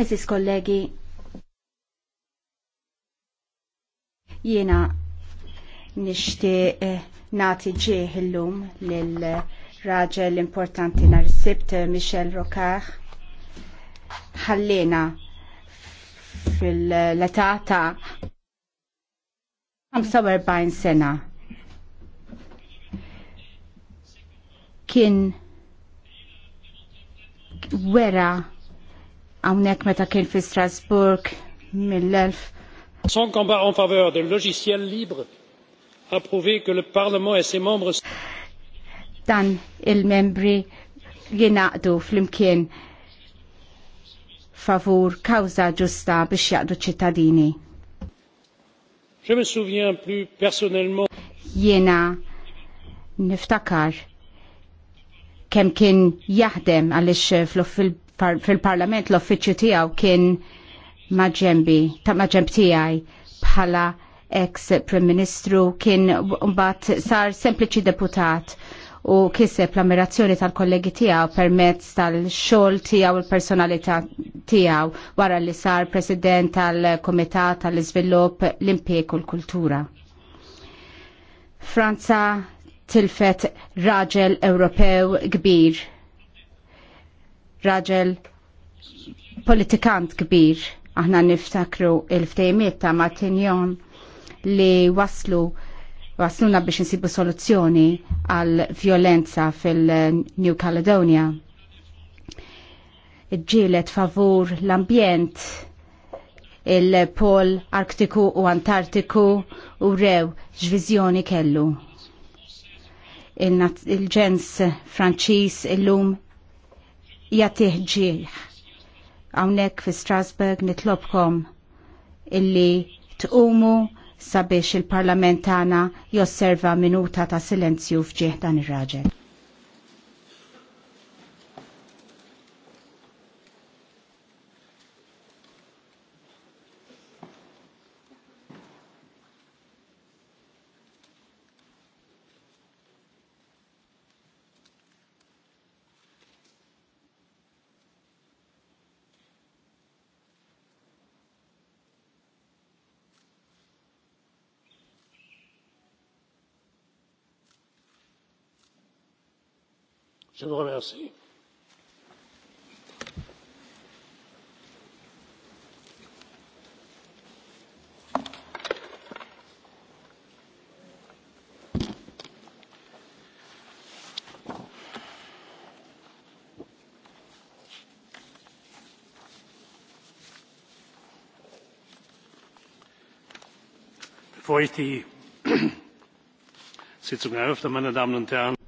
Eżis kollegi, jiena nishti eh, nati ġieħ illum lil-raġel importanti nar sibt eh, Michel Rocard. Ħallina fil letata 45 sena. Kien wera hawnhekk meta kien fi Strasburg mill-1000. Son combat en faveur de logiciel libre a prouvé que le Parlement et ses membres dan il-membri jinaqdu fl-imkien favur kawza ġusta biex jaqdu ċittadini. Je me souviens plus personnellement. Jena niftakar kem kien jaħdem għalix fl fil-parlament l-offiċju tiegħu kien maġembi, ta' maġemb tiegħi bħala ex Prim Ministru kien mbagħad sar sempliċi deputat u kiseb l-ammirazzjoni tal-kollegi tiegħu permezz tal-xogħol tiegħu il-personalità tiegħu wara li sar President tal-Komitat tal-Iżvilupp l-Impjeg u l-Kultura. Franza tilfet raġel Ewropew kbir raġel politikant kbir aħna niftakru il-ftejmiet ta' Martinjon li waslu wasluna biex nsibu soluzzjoni għal violenza fil-New Caledonia. Ġilet favur l-ambjent il-pol Arktiku u Antartiku u rew x'viżjoni kellu. Il-ġens il Franċiż illum jagħtih ġieħ. Hawnhekk fi Strasburg nitlobkom illi tqumu sabiex il-Parlament tagħna josserva minuta ta' silenzju fġieħ dan ir-raġel. Je vous remercie. bevor ich die sitzung eröffne meine damen und herren!